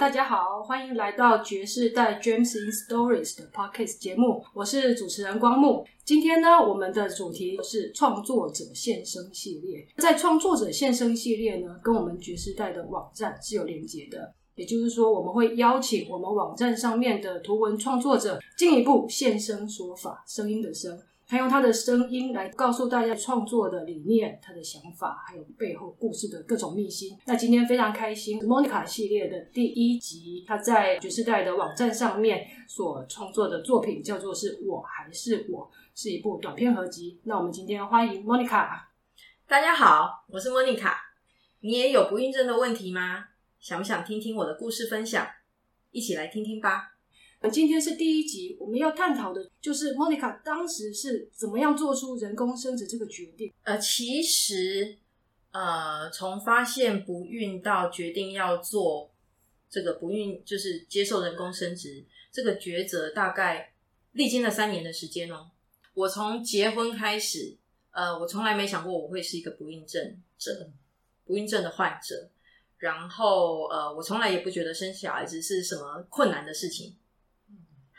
大家好，歡迎來到覺世代 Gems in Stories 的 podcast 節目，我是主持人光目。今天呢，我們的主題是創作者現聲系列。在創作者現聲系列呢，跟我們覺世代的網站是有連結的，也就是說，我們會邀請我們網站上面的圖文創作者進一步現聲說法，聲音的聲。還用他的聲音來告訴大家創作的理念、他的想法，還有背後故事的各種秘辛。那今天非常開心，Monica 系列的第一集，他在《覺世代》的網站上面所創作的作品叫做《是我還是我》，是一部短片合集。那我們今天歡迎 Monica。大家好，我是 Monica。你也有不孕症的問題嗎？想不想聽聽我的故事分享？一起來聽聽吧。今天是第一集，我們要探討的就是 Monica 當時是怎麼樣做出人工生殖這個決定。呃，其實，呃，從發現不孕到決定要做這個不孕，就是接受人工生殖這個抉擇，大概歷經了三年的時間哦。我從結婚開始，呃，我從來沒想過我會是一個不孕症，症，不孕症的患者。然後，呃，我從來也不覺得生小孩子是什麼困難的事情。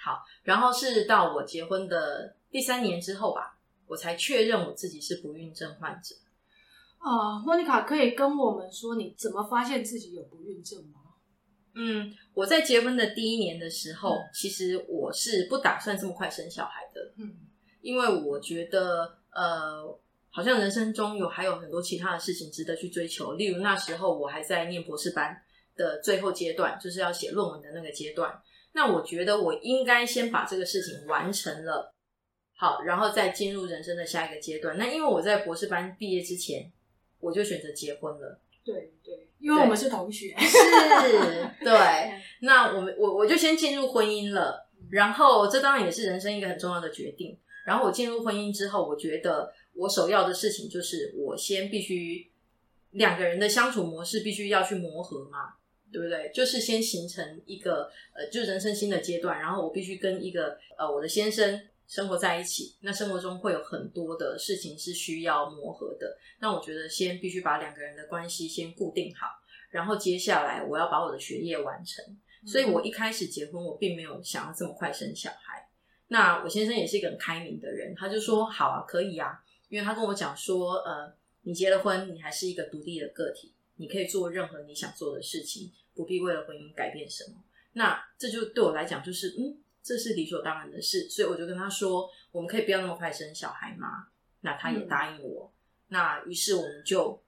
好，然後是到我結婚的第三年之後吧，我才確認我自己是不孕症患者。啊，Monica 可以跟我們說，你怎麼發現自己有不孕症嗎？嗯，我在結婚的第一年的時候，嗯，其實我是不打算這麼快生小孩的。嗯，因為我覺得，呃，好像人生中有還有很多其他的事情值得去追求，例如那時候我還在念博士班的最後階段，就是要寫論文的那個階段。那我覺得我應該先把這個事情完成了，好，然後再進入人生的下一個階段。那因為我在博士班畢業之前，我就選擇結婚了。對對，對對，因為我們是同學啊。是，對。 那我們我我就先進入婚姻了，然後這當然也是人生一個很重要的決定。然後我進入婚姻之後，我覺得我首要的事情就是我先必須兩個人的相處模式必須要去磨合嘛。對不對？就是先形成一個呃，就人生新的階段。然後我必須跟一個呃，我的先生生活在一起。那生活中會有很多的事情是需要磨合的。那我覺得先必須把兩個人的關係先固定好。然後接下來我要把我的學業完成。嗯。所以我一開始結婚，我並沒有想要這麼快生小孩。那我先生也是一個很開明的人，他就說好啊，可以啊。因為他跟我講說，呃，你結了婚，你還是一個獨立的個體，你可以做任何你想做的事情。不必為了婚姻改變什麼，那這就對我來講就是，嗯，這是理所當然的事，所以我就跟他說，我們可以不要那麼快生小孩嗎？那他也答應我，嗯、那於是我們就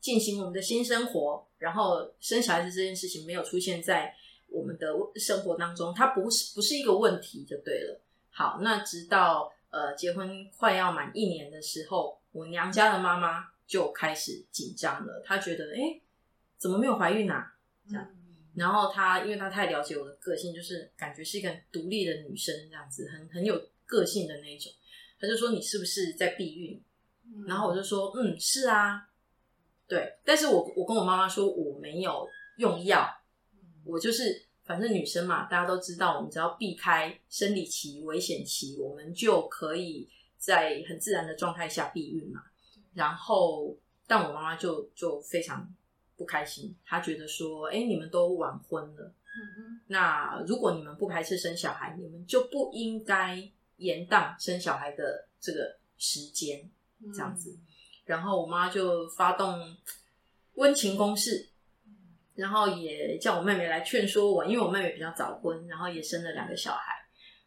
進行我們的新生活，然後生小孩子這件事情沒有出現在我們的生活當中，它不是不是一個問題就對了。好，那直到呃結婚快要滿一年的時候，我娘家的媽媽就開始緊張了，她覺得，誒，怎麼沒有懷孕啊？這樣，然後他因為他太了解我的個性，就是感覺是一個很獨立的女生，這樣子很很有個性的那種。他就說：“你是不是在避孕？”然後我就說：“嗯，是啊，對。”但是我我跟我媽媽說我沒有用藥，我就是反正女生嘛，大家都知道，我們只要避開生理期危險期，我們就可以在很自然的狀態下避孕嘛。然後但我媽媽就就非常。不開心，他覺得說：“哎、欸，你們都晚婚了，嗯、哼那如果你們不排斥生小孩，你們就不應該延宕生小孩的這個時間，這樣子。嗯”然後我媽就發動溫情攻勢，嗯、然後也叫我妹妹來勸說我，因為我妹妹比較早婚，然後也生了兩個小孩，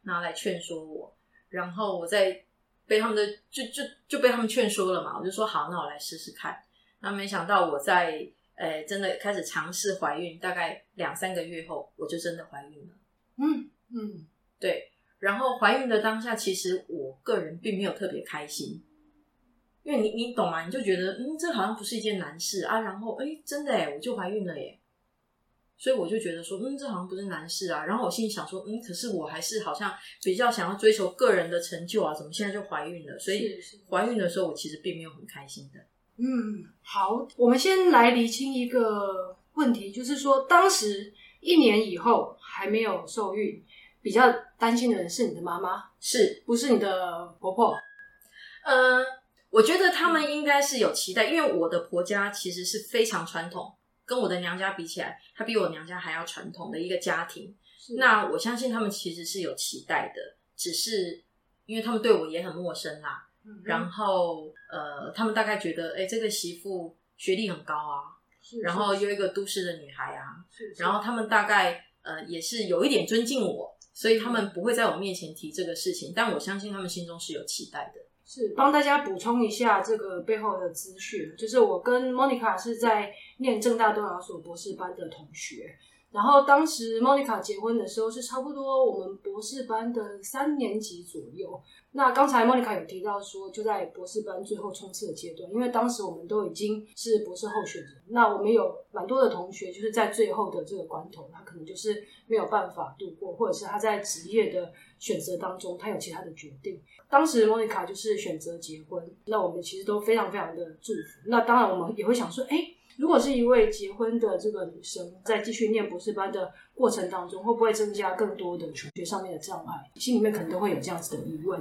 然後來勸說我。然後我在被他們的就就就被他們勸說了嘛，我就說好，那我來試試看。那沒想到我在。哎，真的開始嘗試懷孕，大概兩三個月後，我就真的懷孕了。嗯嗯，嗯對。然後懷孕的當下，其實我個人並沒有特別開心，因為你你懂嗎，你就覺得嗯，這好像不是一件難事啊。然後哎，真的哎，我就懷孕了耶。所以我就覺得說，嗯，這好像不是難事啊。然後我心裡想說，嗯，可是我還是好像比較想要追求個人的成就啊，怎麼現在就懷孕了？所以懷孕的時候，我其實並沒有很開心的。嗯，好，我們先來釐清一個問題，就是說，當時一年以後還沒有受孕，比較擔心的人是你的媽媽，是不是你的婆婆？嗯、呃，我覺得他們應該是有期待，因為我的婆家其實是非常傳統，跟我的娘家比起來，她比我娘家還要傳統的一個家庭。是那我相信他們其實是有期待的，只是因為他們對我也很陌生啦、啊。然後，呃，他們大概覺得，哎、欸，這個媳婦學歷很高啊，是是然後又一個都市的女孩啊，是是然後他們大概，呃，也是有一點尊敬我，所以他們不會在我面前提這個事情，嗯，但我相信他們心中是有期待的。是，幫大家補充一下這個背後的資訊，就是我跟 Monica 是在念正大多少所博士班的同學。然後當時莫妮卡結婚的時候是差不多我們博士班的三年級左右。那剛才莫妮卡有提到說，就在博士班最後衝刺的階段，因為當時我們都已經是博士候選人。那我們有蠻多的同學就是在最後的這個關頭，他可能就是沒有辦法度過，或者是他在職業的選擇當中他有其他的決定。當時莫妮卡就是選擇結婚，那我們其實都非常非常的祝福。那當然我們也會想說，哎，如果是一位結婚的這個女生，在繼續念博士班的過程當中，會不會增加更多的求學上面的障礙？心裡面可能都會有這樣子的疑問。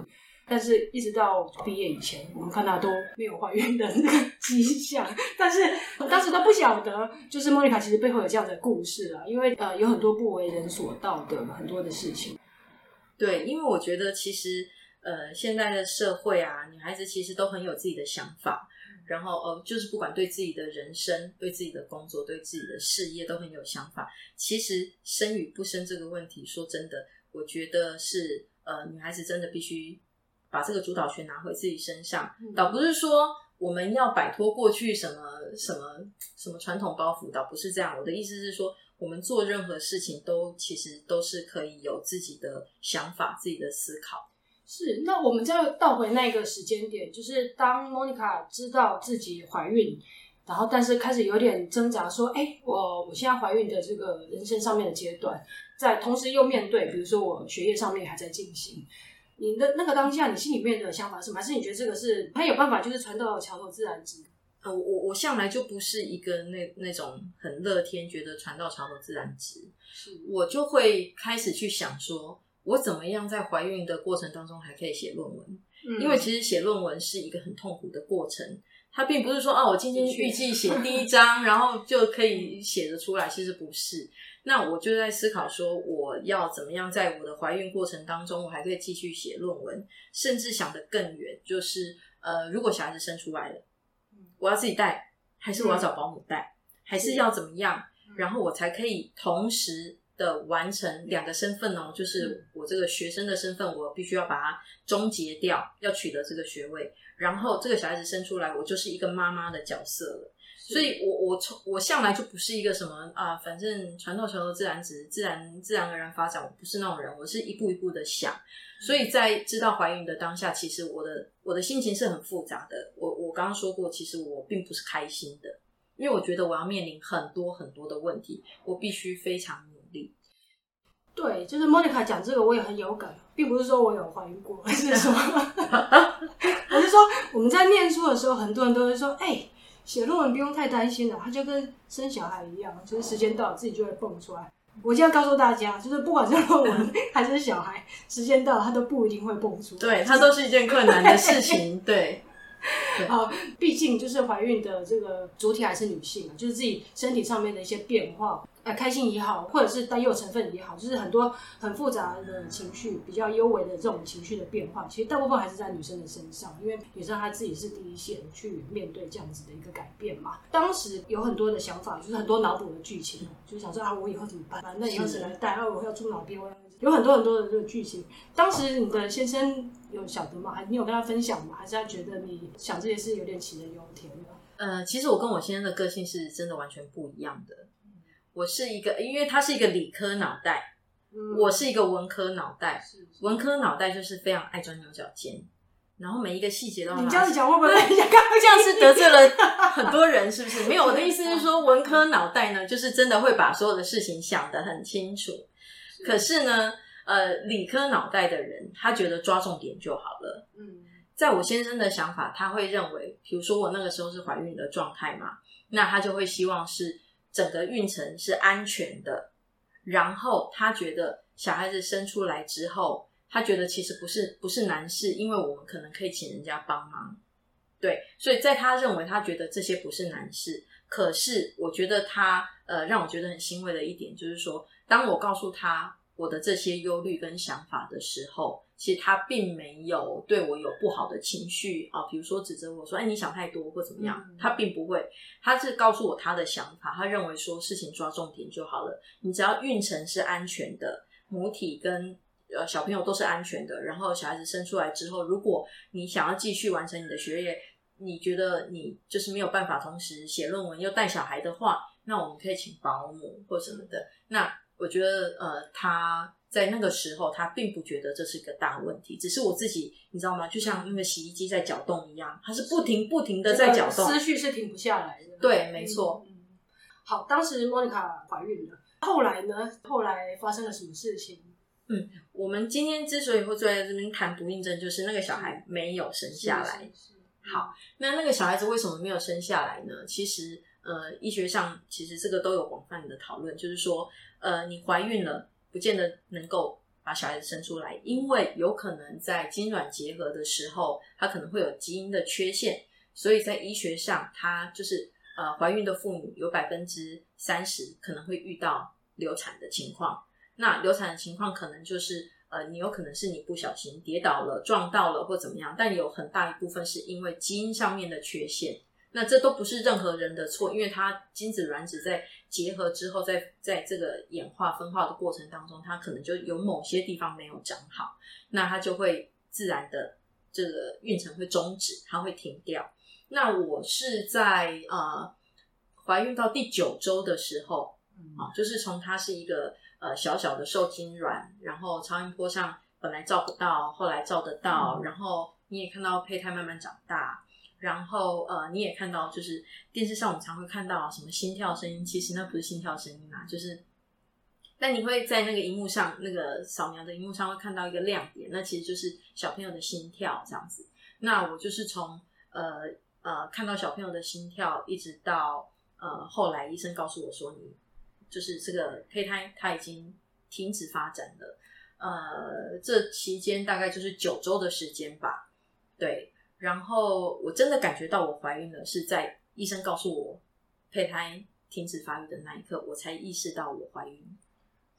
但是，一直到畢業以前，我們看到都沒有懷孕的那個跡象。但是，我當時都不曉得，就是莫妮卡其實背後有這樣的故事了、啊，因為呃，有很多不為人所道的很多的事情。對，因為我覺得其實呃，現在的社會啊，女孩子其實都很有自己的想法。然後呃，就是不管對自己的人生、對自己的工作、對自己的事業都很有想法。其實生與不生這個問題，說真的，我覺得是呃，女孩子真的必須把這個主導權拿回自己身上。倒不是說我們要擺脫過去什麼什麼什麼傳統包袱，倒不是這樣。我的意思是說，我們做任何事情都其實都是可以有自己的想法、自己的思考。是，那我們再倒回那個時間點，就是當 Monica 知道自己懷孕，然後但是開始有點掙扎，說：“哎、欸，我我現在懷孕的這個人生上面的階段，在同時又面對，比如說我學業上面還在進行，你的那個當下，你心裡面的想法是什麼？還是你覺得這個是他有辦法，就是船到橋頭自然直？呃，我我我向來就不是一個那那種很樂天，覺得船到橋頭自然直，是我就會開始去想說。”我怎麼樣在懷孕的過程當中還可以寫論文？嗯、因為其實寫論文是一個很痛苦的過程，它並不是說啊，我今天預計寫第一章，確然後就可以寫得出來。 其實不是。那我就在思考說，我要怎麼樣在我的懷孕過程當中，我還可以繼續寫論文，甚至想得更遠，就是呃，如果小孩子生出來了，我要自己帶，還是我要找保姆帶，對還是要怎麼樣，對然後我才可以同時的完成兩個身份哦，就是我這個學生的身份，我必須要把它終結掉，要取得這個學位。然後這個小孩子生出來，我就是一個媽媽的角色了。是所以我，我我從我向來就不是一個什麼啊，反正傳統傳統自然子自然自然而然發展，我不是那種人，我是一步一步的想。所以在知道懷孕的當下，其實我的我的心情是很複雜的。我我剛剛說過，其實我並不是開心的，因為我覺得我要面臨很多很多的問題，我必須非常。對，就是 Monica 講這個，我也很有感，並不是說我有懷孕過，是說 我是說，我是說我們在念書的時候，很多人都會說，哎，寫論文不用太擔心了，啊，它就跟生小孩一樣，就是時間到了自己就會蹦出來。嗯、我就要告訴大家，就是不管是論文還是小孩， 時間到了它都不一定會蹦出來，對，它都是一件困難的事情，對。對對好，畢竟就是懷孕的這個主體還是女性嘛，就是自己身體上面的一些變化。呃，開心也好，或者是擔憂成分也好，就是很多很複雜的情緒，比較幽微的這種情緒的變化，其實大部分還是在女生的身上，因為女生她自己是第一線去面對這樣子的一個改變嘛。當時有很多的想法，就是很多腦補的劇情、嗯、就想說啊，我以後怎麼辦？是那由誰來帶？啊，我要住哪邊？我有很多很多的這個劇情。當時你的先生有曉得嗎？還是你有跟他分享嗎？還是他覺得你想這些事有點杞人憂天？呃，其實我跟我先生的個性是真的完全不一樣的。我是一個，因為他是一個理科腦袋，嗯、我是一個文科腦袋。是，是文科腦袋就是非常愛鑽牛角尖，然後每一個細節都好像。你這樣子講會不會這樣是得罪了很多人？ 是不是？沒有，我的意思是說，文科腦袋呢，就是真的會把所有的事情想得很清楚。是，可是呢，呃，理科腦袋的人，他覺得抓重點就好了。嗯，在我先生的想法，他會認為，比如說我那個時候是懷孕的狀態嘛，那他就會希望是。整個孕程是安全的，然後他覺得小孩子生出來之後，他覺得其實不是不是難事，因為我們可能可以請人家幫忙，對，所以在他認為他覺得這些不是難事，可是我覺得他呃讓我覺得很欣慰的一點就是說，當我告訴他。我的這些憂慮跟想法的時候，其實他並沒有對我有不好的情緒啊，比如說指責我說：“哎，你想太多或怎麼樣。”他並不會，他是告訴我他的想法，他認為說事情抓重點就好了。你只要孕程是安全的，母體跟呃小朋友都是安全的，然後小孩子生出來之後，如果你想要繼續完成你的學業，你覺得你就是沒有辦法同時寫論文又帶小孩的話，那我們可以請保姆或什麼的。那我覺得，呃，他在那個時候，他並不覺得這是一個大問題，只是我自己，你知道嗎？就像那個洗衣機在攪動一樣，他是不停不停的在攪動，這個、思緒是停不下來的。對，沒錯、嗯。嗯，好，當時 Monica 懷孕了，後來呢？後來發生了什麼事情？嗯，我們今天之所以會坐在這邊談不孕症，就是那個小孩沒有生下來。好，那那個小孩子為什麼沒有生下來呢？其實，呃，醫學上其實這個都有廣泛的討論，就是說。呃，你懷孕了，不見得能夠把小孩子生出來，因為有可能在精卵結合的時候，它可能會有基因的缺陷，所以在醫學上，它就是呃，懷孕的父母有百分之三十可能會遇到流產的情況。那流產的情況可能就是呃，你有可能是你不小心跌倒了、撞到了或怎麼樣，但有很大一部分是因為基因上面的缺陷。那這都不是任何人的錯，因為它，精子卵子在結合之後在，在在這個演化、分化的過程當中，它可能就有某些地方沒有長好，那它就會自然的這個孕程會終止，它會停掉。那我是在呃懷孕到第九周的時候啊，就是從它是一個呃小小的受精卵，然後超音波上本來照不到，後來照得到，嗯，然後你也看到胚胎慢慢長大。然後，呃，你也看到，就是電視上我們常會看到什麼心跳聲音，其實那不是心跳聲音啊，就是但你會在那個熒幕上，那個掃描的熒幕上會看到一個亮點，那其實就是小朋友的心跳這樣子。那我就是從呃呃看到小朋友的心跳，一直到呃後來醫生告訴我說你，你就是這個胚胎它已經停止發展了，呃，這期間大概就是九周的時間吧，對。然後我真的感覺到我懷孕了，是在醫生告訴我胚胎停止發育的那一刻，我才意識到我懷孕。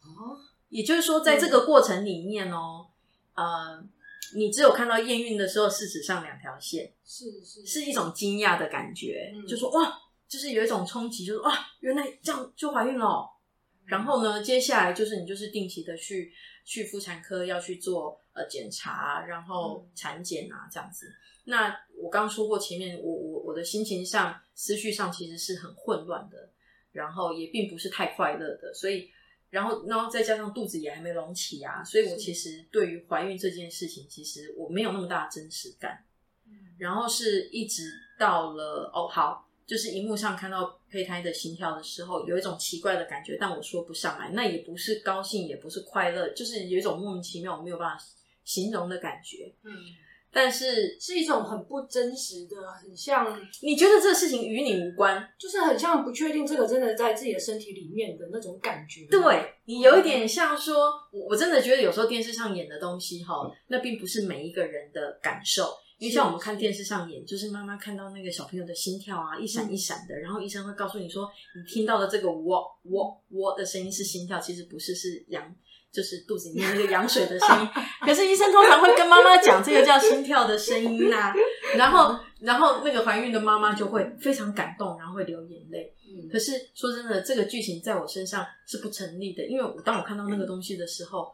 哦，也就是說，在這個過程裡面哦，嗯、呃，你只有看到驗孕的時候，事實上兩條線是是，是，是一種驚訝的感覺，嗯、就是說哇，就是有一種衝擊，就是哇、啊，原來這樣就懷孕了。然後呢，接下來就是你就是定期的去去婦產科要去做呃檢查，然後產檢啊這樣子。那我剛剛說過前面，我我我的心情上、思緒上其實是很混亂的，然後也並不是太快樂的，所以然後然後再加上肚子也還沒隆起啊，所以我其實對於懷孕這件事情，其實我沒有那麼大的真實感。然後是一直到了，哦，好。就是熒幕上看到胚胎的心跳的時候，有一種奇怪的感覺，但我說不上來。那也不是高興，也不是快樂，就是有一種莫名其妙、我沒有辦法形容的感覺。嗯，但是是一種很不真實的，很像你覺得這個事情與你無關，就是很像不確定這個真的在自己的身體裡面的那種感覺啊。對你有一點像說，我我真的覺得有時候電視上演的東西哈，那並不是每一個人的感受。因為像我們看電視上演，就是媽媽看到那個小朋友的心跳啊，一閃一閃的，嗯、然後醫生會告訴你說，你聽到的這個“我我我”的聲音是心跳，其實不是，是羊，就是肚子裡面那個羊水的聲音。 可是醫生通常會跟媽媽講這個叫心跳的聲音啊， 然後然後那個懷孕的媽媽就會非常感動，然後會流眼淚。嗯、可是說真的，這個劇情在我身上是不成立的，因為我當我看到那個東西的時候，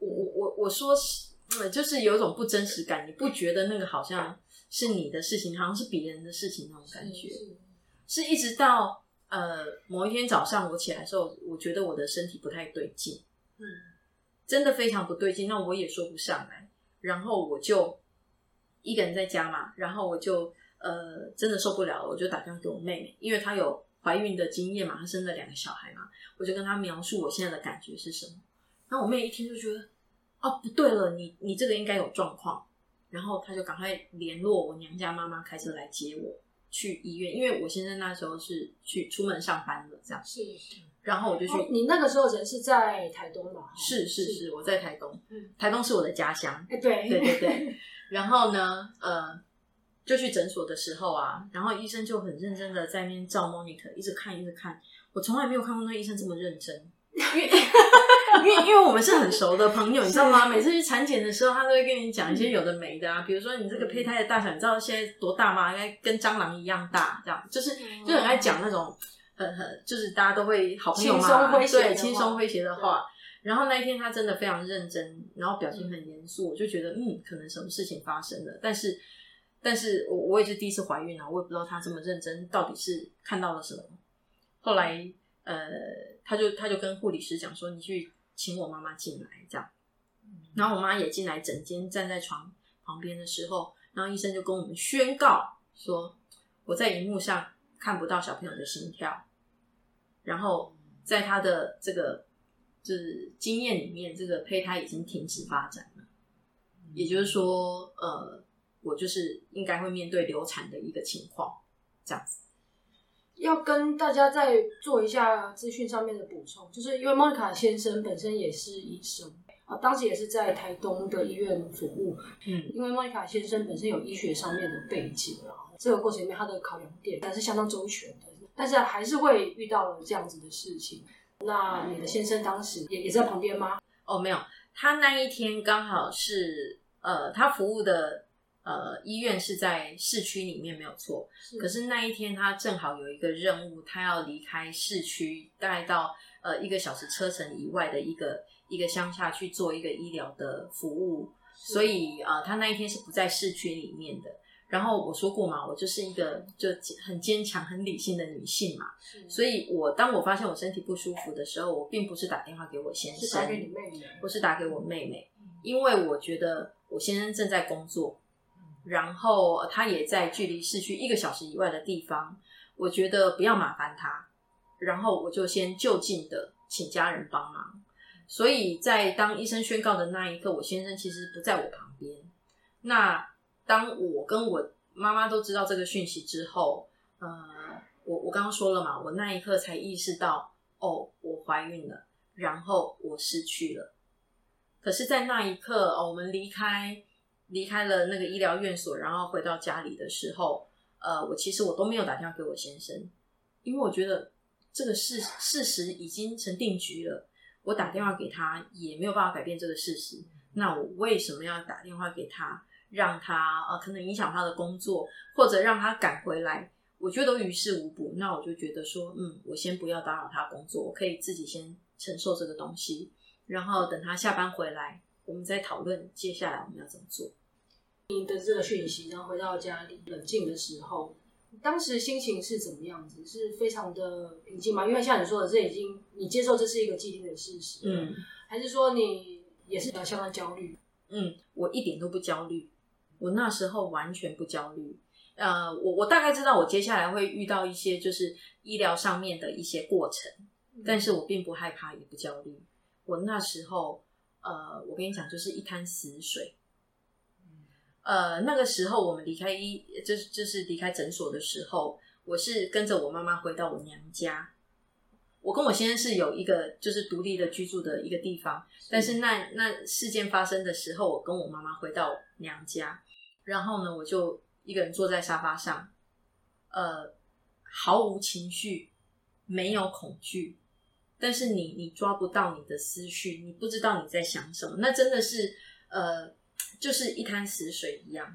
我我我我說是。就是有一種不真實感，你不覺得那個好像是你的事情，好像是別人的事情那種感覺？是，是是一直到呃某一天早上我起來的時候，我覺得我的身體不太對勁，嗯，真的非常不對勁，那我也說不上來，然後我就一個人在家嘛，然後我就呃真的受不了了，我就打電話給我妹妹，因為她有懷孕的經驗嘛，她生了兩個小孩嘛，我就跟她描述我現在的感覺是什麼，然後我妹一聽就覺得。哦，不對了，你你這個應該有狀況，然後他就趕快聯絡我娘家媽媽開車來接我、嗯、去醫院，因為我先生那時候是去出門上班了，這樣是，是是，然後我就去，你那個時候人是在台東嘛？是是是，我在台東，是台東是我的家鄉，哎、對對對對，然後呢，呃，就去診所的時候啊，然後醫生就很認真的在那邊照 monitor，一直看一直看，我從來沒有看過那個醫生這麼認真， 因為因為我們是很熟的朋友，你知道嗎？是每次去產檢的時候，他都會跟你講一些有的沒的啊，嗯、比如說你這個胚胎的大小，你知道現在多大嗎？應該跟蟑螂一樣大，嗯、這樣就是、嗯、就很愛講那種很很、嗯、就是大家都會好朋友啊、輕鬆詼諧的話對輕鬆詼諧的話，的話對然後那一天他真的非常認真，然後表情很嚴肅，嗯、我就覺得嗯，可能什麼事情發生了。但是但是我我也是第一次懷孕啊，我也不知道他這麼認真到底是看到了什麼。嗯、後來呃，他就他就跟護理師講說：“你去。”請我媽媽進來，這樣，然後我媽也進來，整間站在床旁邊的時候，然後醫生就跟我們宣告說，我在熒幕上看不到小朋友的心跳，然後在他的這個就是經驗裡面，這個胚胎已經停止發展了，也就是說，呃，我就是應該會面對流產的一個情況，這樣子。要跟大家再做一下資訊上面的補充，就是因為 Monica 先生本身也是醫生啊，當時也是在台東的醫院服務。嗯，因為 Monica 先生本身有醫學上面的背景，然後這個過程裡面他的考量點還是相當周全的，但是還是會遇到了這樣子的事情。那你的先生當時也也在旁邊嗎？哦，沒有，他那一天剛好是呃，他服務的。呃，醫院是在市區裡面沒有錯，是可是那一天他正好有一個任務，他要離開市區，大概到呃一個小時車程以外的一個一個鄉下去做一個醫療的服務，是所以啊，呃，他那一天是不在市區裡面的。然後我說過嘛，我就是一個就很堅強、很理性的女性嘛，是所以我當我發現我身體不舒服的時候，我並不是打電話給我先生，是打給你妹妹，不是打給我妹妹，嗯，因為我覺得我先生正在工作。然後他也在距離市區一個小時以外的地方，我覺得不要麻煩他，然後我就先就近的請家人幫忙。所以在當醫生宣告的那一刻，我先生其實不在我旁邊。那當我跟我媽媽都知道這個訊息之後，呃，嗯，我我剛剛說了嘛，我那一刻才意識到，哦，我懷孕了，然後我失去了。可是，在那一刻，哦，我們離開。離開了那個醫療院所，然後回到家裡的時候，呃，我其實我都沒有打電話給我先生，因為我覺得這個事事實已經成定局了，我打電話給他也沒有辦法改變這個事實。那我為什麼要打電話給他，讓他呃可能影響他的工作，或者讓他趕回來，我覺得都於事無補。那我就覺得說，嗯，我先不要打擾他工作，我可以自己先承受這個東西，然後等他下班回來，我們再討論接下來我們要怎麼做。你的這個訊息，然後回到家裡冷靜的時候，當時心情是怎麼樣子？是非常的平靜嗎？因為像你說的，這已經你接受這是一個既定的事實，嗯，還是說你也是比較相當焦慮？嗯，我一點都不焦慮，我那時候完全不焦慮。呃，我我大概知道我接下來會遇到一些就是醫療上面的一些過程，嗯，但是我並不害怕，也不焦慮。我那時候，呃，我跟你講，就是一灘死水。呃，那個時候我們離開醫，就是就是離開診所的時候，我是跟着我媽媽回到我娘家。我跟我先生是有一個就是獨立的居住的一個地方，是。但是那那事件發生的時候，我跟我媽媽回到娘家，然後呢，我就一個人坐在沙發上，呃，毫無情緒，沒有恐懼，但是你你抓不到你的思緒，你不知道你在想什麼，那真的是呃。就是一潭死水一樣，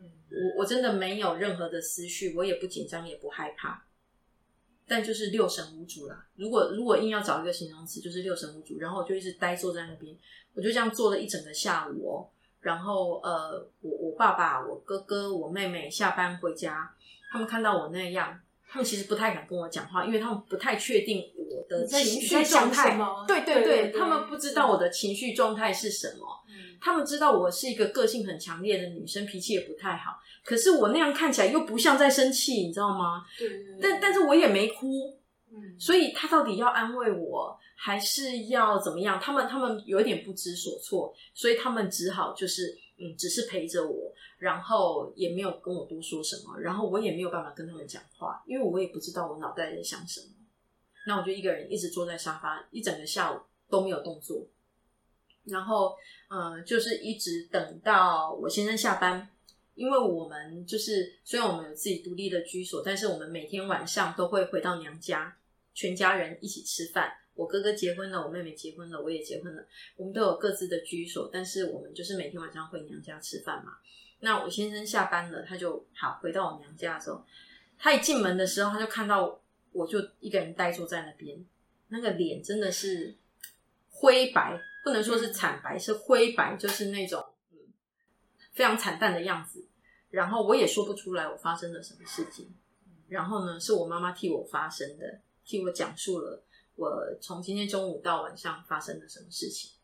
我我真的沒有任何的思緒，我也不緊張，也不害怕，但就是六神無主啦。如果如果硬要找一個形容詞，就是六神無主。然後我就一直呆坐在那邊，我就這樣坐了一整個下午，喔。然後呃，我我爸爸、我哥哥、我妹妹下班回家，他們看到我那樣。他們其實不太敢跟我講話，因為他們不太確定我的情緒狀態。對對對，對對對，他們不知道我的情緒狀態是什麼。對對對，他們知道我是一個個性很強烈的女生，嗯、脾氣也不太好。可是我那樣看起來又不像在生氣，你知道嗎？對，對，對。但但是我也沒哭。嗯。所以他到底要安慰我，還是要怎麼樣？他們他們有點不知所措，所以他們只好就是嗯，只是陪着我。然後也沒有跟我多說什麼，然後我也沒有辦法跟他們講話，因為我也不知道我腦袋在想什麼。那我就一個人一直坐在沙發，一整個下午都沒有動作。然後，呃，就是一直等到我先生下班，因為我們就是雖然我們有自己獨立的居所，但是我們每天晚上都會回到娘家，全家人一起吃飯。我哥哥結婚了，我妹妹結婚了，我也結婚了，我們都有各自的居所，但是我們就是每天晚上回娘家吃飯嘛。那我先生下班了，他就好，回到我娘家的時候，他一進門的時候，他就看到我就一個人呆坐在那邊，那個臉真的是灰白，不能說是慘白，是灰白，就是那種非常慘淡的樣子。然後我也說不出來我發生了什麼事情，然後呢，是我媽媽替我發生的，替我講述了我從今天中午到晚上發生了什麼事情。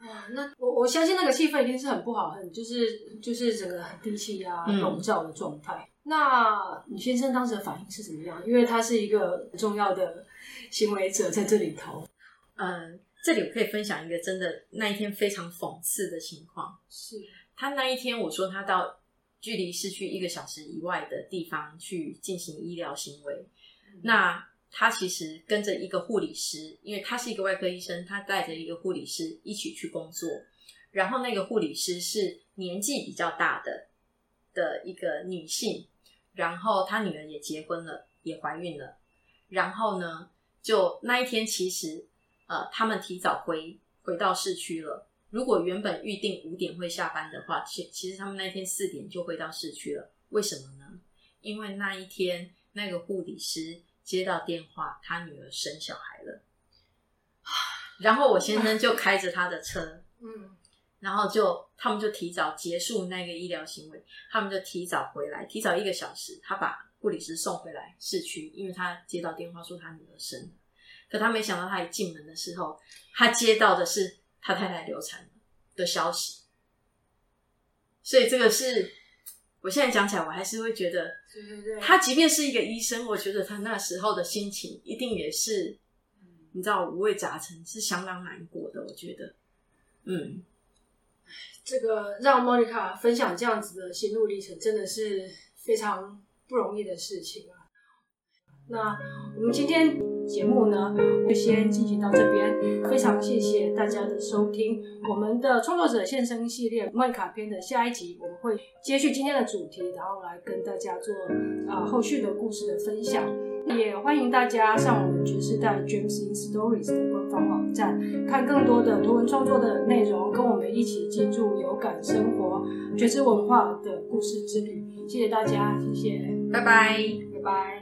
哦，那我我相信那個氣氛一定是很不好很，很就是就是整個很低氣壓籠罩的狀態。嗯、那你先生當時的反應是怎麼樣？因為他是一個重要的行為者在這裡頭。嗯，這裡我可以分享一個真的那一天非常諷刺的情況。是他那一天，我說他到距離市區一個小時以外的地方去進行醫療行為，嗯、那。他其實跟着一個護理師，因為他是一個外科醫生，他帶着一個護理師一起去工作。然後那個護理師是年紀比較大的的一個女性，然後她女兒也結婚了，也懷孕了。然後呢，就那一天其實呃，他們提早回回到市區了。如果原本預定五點會下班的話，其其實他們那一天四點就回到市區了。為什麼呢？因為那一天那個護理師。接到電話，他女兒生小孩了，然後我先生就開着他的車，嗯，然後就他們就提早結束那個醫療行為，他們就提早回來，提早一個小時，他把護理師送回來市區，因為他接到電話說他女兒生，可他沒想到他一進門的時候，他接到的是他太太流產的消息，所以這個是。我現在講起來，我還是會覺得，他即便是一個醫生，對對對，我覺得他那時候的心情一定也是，嗯、你知道五味雜陳，是相當難過的。我覺得，嗯，這個讓 Monica 分享這樣子的心路歷程，真的是非常不容易的事情啊。那我們今天。節目呢，就先進行到這邊，非常謝謝大家的收聽。我們的創作者現聲系列 Monica 篇的下一集，我們會接續今天的主題，然後來跟大家做啊、呃、後續的故事的分享。也歡迎大家上我們覺世代 Gems in Stories 的官方網站，看更多的圖文創作的內容，跟我們一起進入有感生活、覺知文化的故事之旅。謝謝大家，謝謝，拜拜，拜拜。